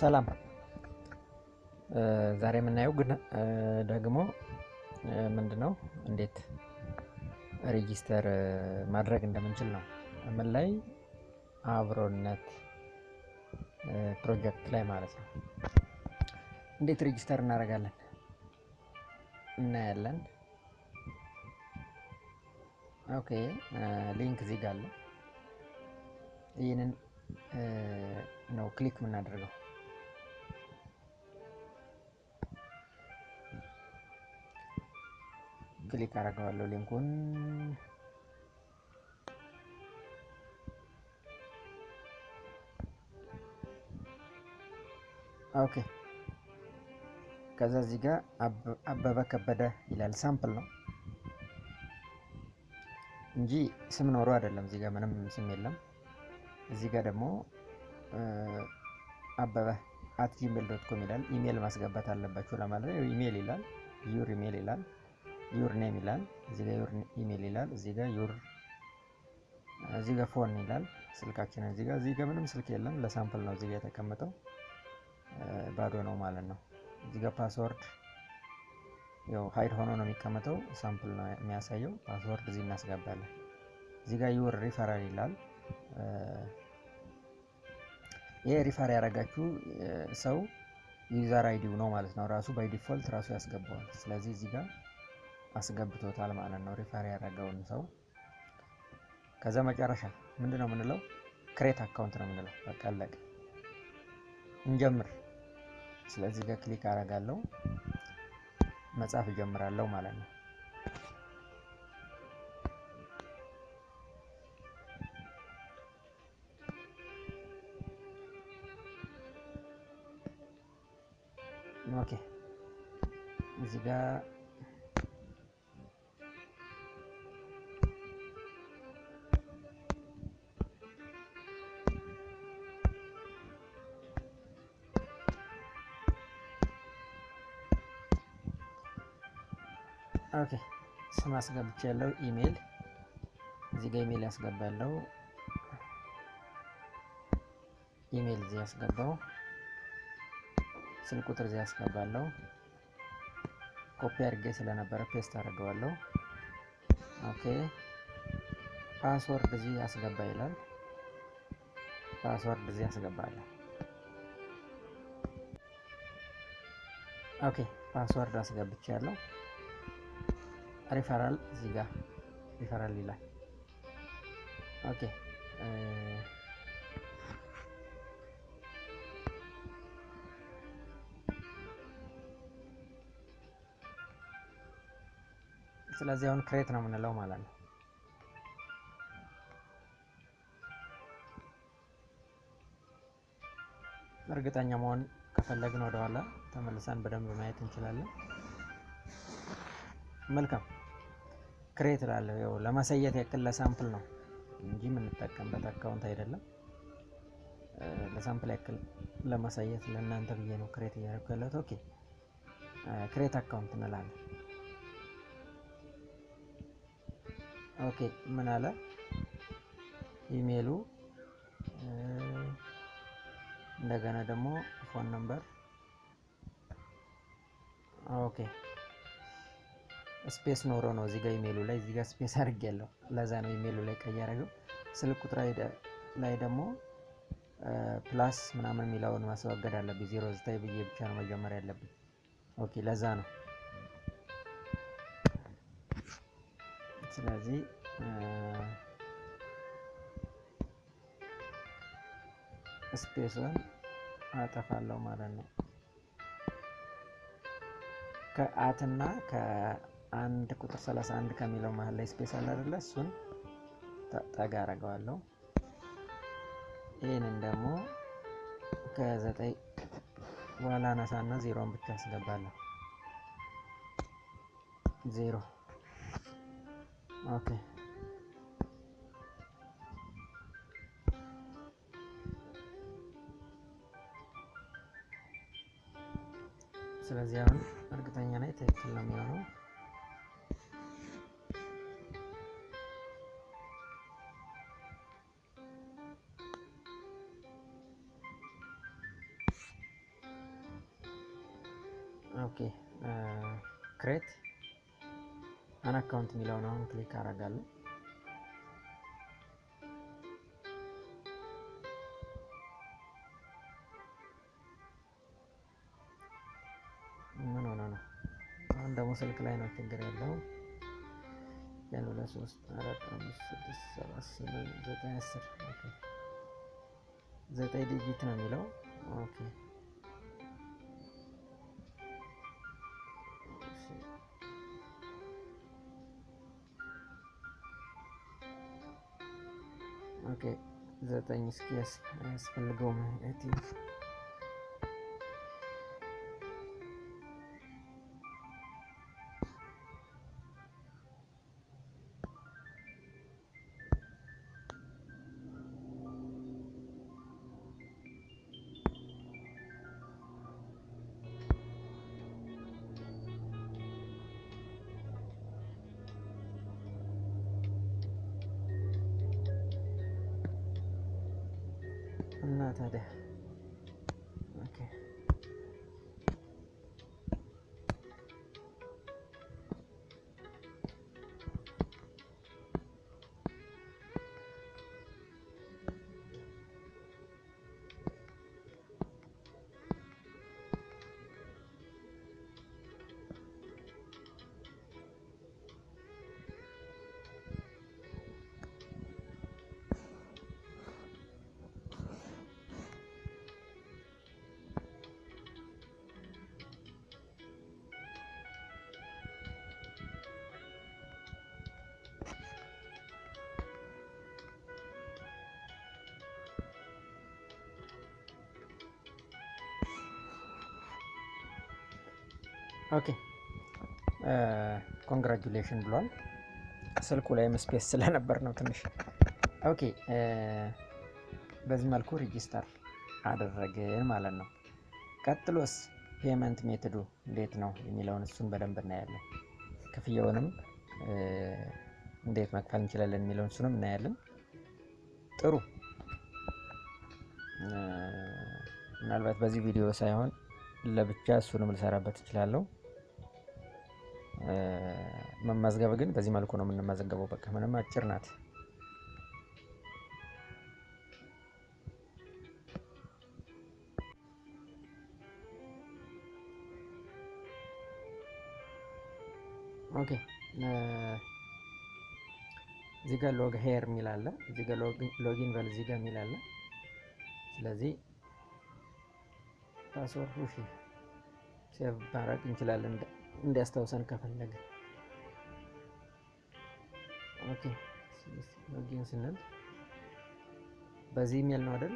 ሰላም ዛሬ የምናየው ግን ደግሞ ምንድን ነው እንዴት ሬጂስተር ማድረግ እንደምንችል ነው። ምን ላይ አብሮነት ፕሮጀክት ላይ ማለት ነው። እንዴት ሬጂስተር እናደርጋለን እናያለን። ኦኬ ሊንክ እዚህ ጋር አለ። ይህንን ነው ክሊክ የምናደርገው። ክሊክ አደርገዋለሁ ሊንኩን። ኦኬ ከዛ እዚህ ጋር አበበ ከበደ ይላል። ሳምፕል ነው እንጂ ስም ኖሮ አይደለም። እዚህ ጋር ምንም ስም የለም። እዚህ ጋር ደግሞ አበበ አት ጂሜል ዶት ኮም ይላል። ኢሜል ማስገባት አለባችሁ ለማለት ነው። ኢሜል ይላል፣ ዩር ኢሜል ይላል። ዩር ኔም ይላል፣ እዚህ ጋር ዩር ኢሜል ይላል፣ እዚህ ጋር ዩር እዚህ ጋር ፎን ይላል ስልካችንን እዚህ ጋር እዚህ ጋር ምንም ስልክ የለም ለሳምፕል ነው እዚህ ጋር የተቀመጠው ባዶ ነው ማለት ነው። እዚህ ጋር ፓስወርድ ያው ሀይድ ሆኖ ነው የሚቀመጠው ሳምፕል ነው የሚያሳየው። ፓስወርድ እዚህ እናስገባለን። እዚህ ጋር ዩር ሪፈራል ይላል። ይሄ ሪፈር ያደረጋችሁ ሰው ዩዘር አይዲው ነው ማለት ነው። ራሱ ባይ ዲፎልት ራሱ ያስገባዋል። ስለዚህ እዚህ ጋር አስገብቶታል ማለት ነው፣ ሪፈር ያደረገውን ሰው። ከዛ መጨረሻ ምንድን ነው የምንለው? ክሬት አካውንት ነው የምንለው። በቃ አለቀ። እንጀምር። ስለዚህ ጋር ክሊክ አደርጋለሁ፣ መጻፍ እጀምራለሁ ማለት ነው። ኦኬ እዚህ ጋር ኦኬ ስም አስገብቼ ያለው ኢሜል እዚህ ጋር ኢሜል ያስገባለው ኢሜል እዚህ ያስገባው ስልክ ቁጥር እዚህ ያስገባለው ኮፒ አድርጌ ስለነበረ ፔስት አድርገዋለሁ። ኦኬ ፓስወርድ እዚህ ያስገባ ይላል። ፓስወርድ እዚህ ያስገባለሁ። ኦኬ ፓስወርድ አስገብቼ ያለው ሪፈራል እዚህ ጋር ሪፈራል ይላል። ኦኬ ስለዚህ አሁን ክሬት ነው የምንለው ማለት ነው። እርግጠኛ መሆን ከፈለግን ወደኋላ ተመልሰን በደንብ ማየት እንችላለን። መልካም ክሬት ላለው ያው ለማሳየት ያክል ለሳምፕል ነው እንጂ የምንጠቀምበት አካውንት አይደለም። ለሳምፕል ያክል ለማሳየት ለእናንተ ብዬ ነው ክሬት እያደረኩ ያለሁት። ኦኬ ክሬት አካውንት እንላለን። ኦኬ ምን አለ ኢሜሉ፣ እንደገና ደግሞ ፎን ነምበር ኦኬ ስፔስ ኖሮ ነው እዚጋ ኢሜይሉ ላይ እዚጋ ስፔስ አድርግ ያለው ለዛ ነው ኢሜይሉ ላይ ቀይ ያደረገው። ስልክ ቁጥር ላይ ደግሞ ፕላስ ምናምን የሚለውን ማስወገድ አለብኝ። ዜሮ ዘጠኝ ብዬ ብቻ ነው መጀመር ያለብኝ። ኦኬ ለዛ ነው። ስለዚህ ስፔሱን አጠፋለሁ ማለት ነው ከአትና ከ አንድ ቁጥር 31 ከሚለው መሀል ላይ ስፔስ አለ አይደለ? እሱን ጠጋ አረገዋለሁ። ይህንን ደግሞ ከዘጠኝ በኋላ አናሳና ዜሮን ብቻ አስገባለሁ። ዜሮ ኦኬ። ስለዚህ አሁን እርግጠኛ ላይ ትክክል ነው የሚሆነው። አን አካውንት የሚለውን አሁን ክሊክ አደርጋለሁ። ምን ሆነ ነው? አሁን ደግሞ ስልክ ላይ ነው፣ ችግር የለውም። ያን ሁለት ሶስት አራት አምስት ስድስት ሰባት ስምንት ዘጠኝ አስር ዘጠኝ ዲጂት ነው የሚለው ኦኬ Okay, that I need to guess as well go at 对对对。ኦኬ ኮንግራጁሌሽን ብሏል። ስልኩ ላይም ስፔስ ስለነበር ነው ትንሽ። ኦኬ በዚህ መልኩ ሬጂስተር አደረግን ማለት ነው። ቀጥሎስ ፔመንት ሜትዱ እንዴት ነው የሚለውን እሱን በደንብ እናያለን። ክፍያውንም እንዴት መክፈል እንችላለን የሚለውን እሱንም እናያለን። ጥሩ ምናልባት በዚህ ቪዲዮ ሳይሆን ለብቻ እሱንም ልሰራበት እችላለሁ። መመዝገብ ግን በዚህ መልኩ ነው የምንመዘገበው። በቃ ምንም አጭር ናት። ኦኬ እዚህ ጋር ሎግ ሄር የሚል አለ። እዚህ ጋር ሎጊን በል እዚህ ጋር የሚል አለ። ስለዚህ ፓስወርድ ሴቭ ማድረግ እንችላለን። እንዲያስታውሰን ከፈለገ ሎጊን ስንል በዚህ ኢሜል ነው አይደል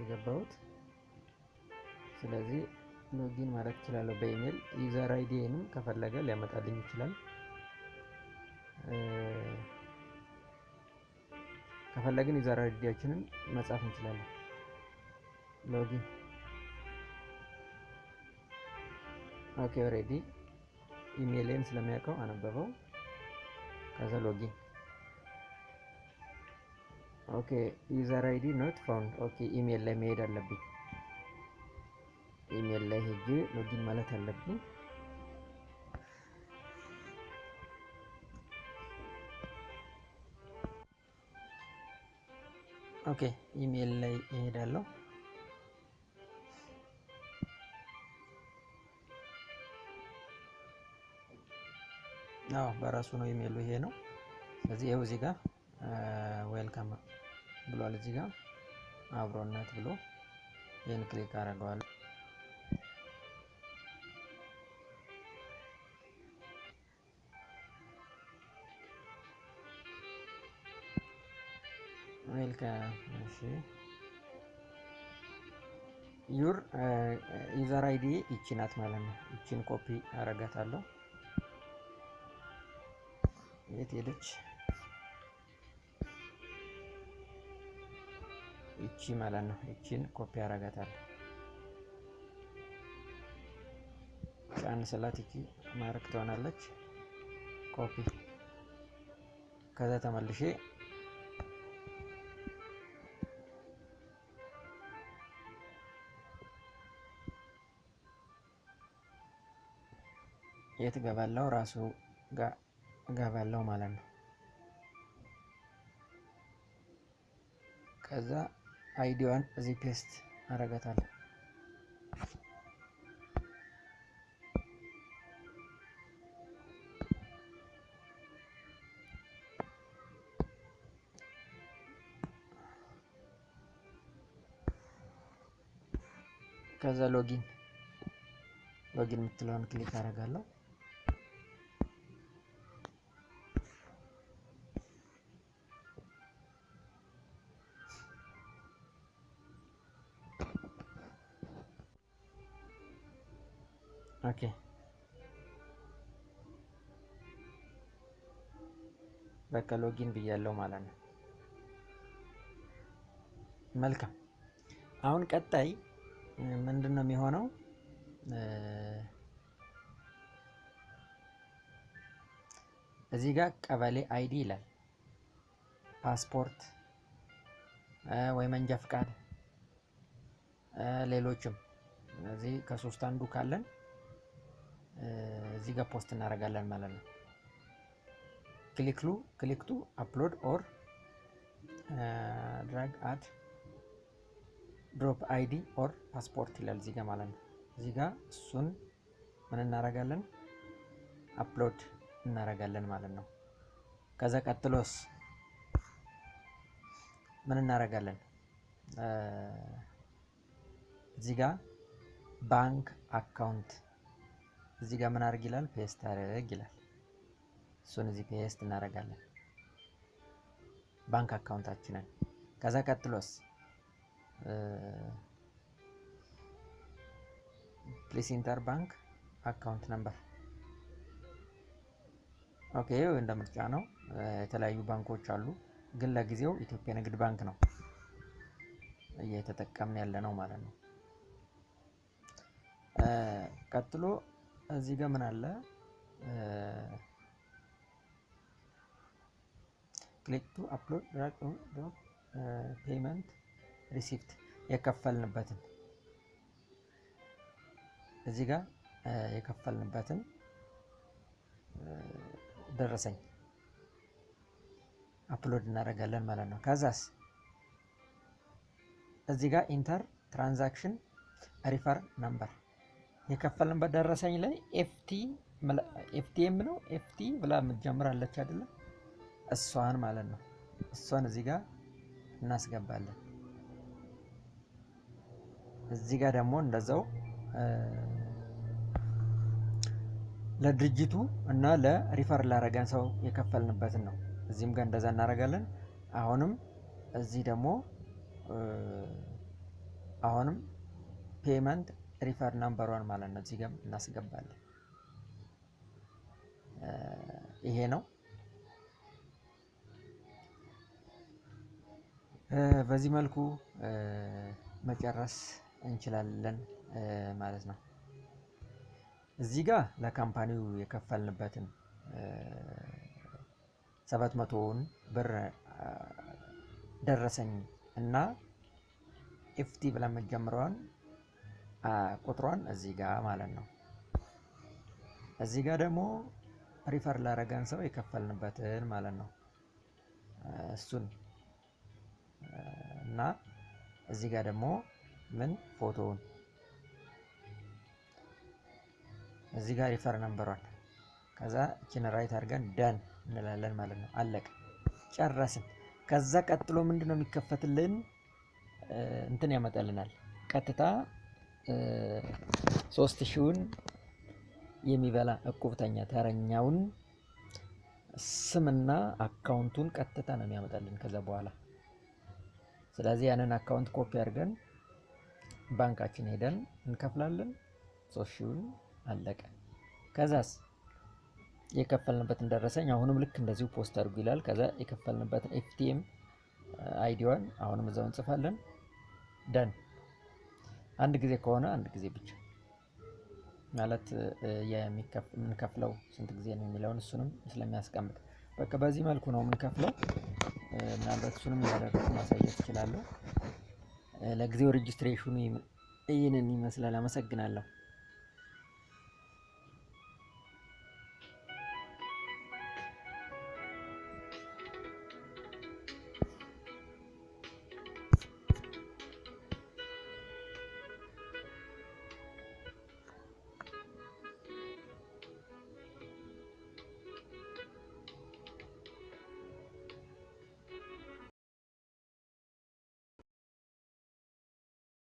የገባሁት። ስለዚህ ሎጊን ማለት እችላለሁ በኢሜል ዩዘር አይዲንም ከፈለገ ሊያመጣልኝ ይችላል። ከፈለግን ዩዘር አይዲያችንን መጻፍ እንችላለን። ሎጊን ኦኬ ኦሬዲ ኢሜይሌን ስለሚያውቀው አነበበው። ከዛ ሎጊን ኦኬ፣ ዩዘር አይዲ ኖት ፋውንድ። ኦኬ ኢሜይል ላይ መሄድ አለብኝ። ኢሜይል ላይ ሄጄ ሎጊን ማለት አለብኝ። ኦኬ ኢሜይል ላይ እሄዳለሁ። አዎ በራሱ ነው ኢሜሉ ይሄ ነው። ስለዚህ ይኸው እዚህ ጋር ዌልካም ብሏል። እዚህ ጋር አብሮነት ብሎ ይህን ክሊክ አደርገዋለሁ። ዩር ዩዘር አይዲ ይቺ ናት ማለት ነው። ይቺን ኮፒ አረጋታለሁ። የት ሄደች? ይቺ ማለት ነው። ይቺን ኮፒ አረጋታለሁ። ጫን ስላት ይቺ ማርክ ትሆናለች። ኮፒ ከዛ ተመልሼ የት ገባለው ራሱ ጋር እገባለሁ ማለት ነው። ከዛ አይዲዋን እዚህ ፔስት አረጋታለሁ። ከዛ ሎጊን ሎጊን የምትለውን ክሊክ አረጋለሁ። በቃ ሎጊን ብያለው ማለት ነው። መልካም አሁን ቀጣይ ምንድን ነው የሚሆነው? እዚህ ጋር ቀበሌ አይዲ ይላል። ፓስፖርት ወይ መንጃ ፍቃድ፣ ሌሎችም እዚህ ከሶስት አንዱ ካለን እዚህ ጋር ፖስት እናደርጋለን ማለት ነው። click to upload or uh, drag add drop id or passport ይላል እዚህ ጋር ማለት ነው። እዚህ ጋር እሱን ምን እናረጋለን አፕሎድ እናረጋለን ማለት ነው። ከዛ ቀጥሎስ ምን እናረጋለን? እዚህ ጋር ባንክ አካውንት እዚህ ጋር ምን አድርግ ይላል ፔስት አድርግ ይላል። እሱን እዚህ ፔስት እናደርጋለን ባንክ አካውንታችንን። ከዛ ቀጥሎስ ፕሊስ ኢንተር ባንክ አካውንት ነምበር። ኦኬ እንደ ምርጫ ነው። የተለያዩ ባንኮች አሉ፣ ግን ለጊዜው ኢትዮጵያ ንግድ ባንክ ነው እየተጠቀምን ያለ ነው ማለት ነው። ቀጥሎ እዚህ ጋር ምን አለ? ክሊክ ቱ አፕሎድ ድራግ ፔመንት ሪሲፕት የከፈልንበትን እዚህ ጋር uh, የከፈልንበትን uh, ደረሰኝ አፕሎድ እናደርጋለን ማለት ነው። ከዛስ እዚህ ጋር ኢንተር ትራንዛክሽን ሪፈር ነምበር የከፈልንበት ደረሰኝ ላይ ኤፍቲ ኤፍቲኤም ነው ኤፍቲ ብላ የምትጀምራለች አይደለም እሷን ማለት ነው። እሷን እዚህ ጋር እናስገባለን። እዚህ ጋር ደግሞ እንደዛው ለድርጅቱ እና ለሪፈር ላረገን ሰው የከፈልንበትን ነው። እዚህም ጋር እንደዛ እናደርጋለን። አሁንም እዚህ ደግሞ አሁንም ፔመንት ሪፈር ዋን ማለት ነው እዚህ ጋር እናስገባለን። ይሄ ነው። በዚህ መልኩ መጨረስ እንችላለን ማለት ነው። እዚህ ጋር ለካምፓኒው የከፈልንበትን ሰባት መቶውን ብር ደረሰኝ እና ኤፍቲ ብለን የምንጀምረውን ቁጥሯን እዚህ ጋር ማለት ነው። እዚህ ጋር ደግሞ ሪፈር ላረገን ሰው የከፈልንበትን ማለት ነው እሱን እና እዚህ ጋር ደግሞ ምን ፎቶውን እዚህ ጋር ሪፈር ነበሯል? ከዛ እችን ራይት አድርገን ደን እንላለን ማለት ነው። አለቀ፣ ጨረስን። ከዛ ቀጥሎ ምንድን ነው የሚከፈትልን? እንትን ያመጣልናል ቀጥታ ሶስት ሺውን የሚበላ እቁብተኛ ተረኛውን ስምና አካውንቱን ቀጥታ ነው የሚያመጣልን ከዛ በኋላ ስለዚህ ያንን አካውንት ኮፒ አድርገን ባንካችን ሄደን እንከፍላለን። ሶስት ሺውን አለቀ። ከዛስ የከፈልንበትን ደረሰኝ አሁንም ልክ እንደዚሁ ፖስት አድርጉ ይላል። ከዛ የከፈልንበትን ኤፍቲኤም አይዲዋን አሁንም እዛው እንጽፋለን። ደን አንድ ጊዜ ከሆነ አንድ ጊዜ ብቻ ማለት የምንከፍለው ስንት ጊዜ ነው የሚለውን እሱንም ስለሚያስቀምጥ በቃ በዚህ መልኩ ነው የምንከፍለው። ምናልባት እሱንም እያደረኩ ማሳየት እችላለሁ። ለጊዜው ሬጅስትሬሽኑ ይህንን ይመስላል። አመሰግናለሁ።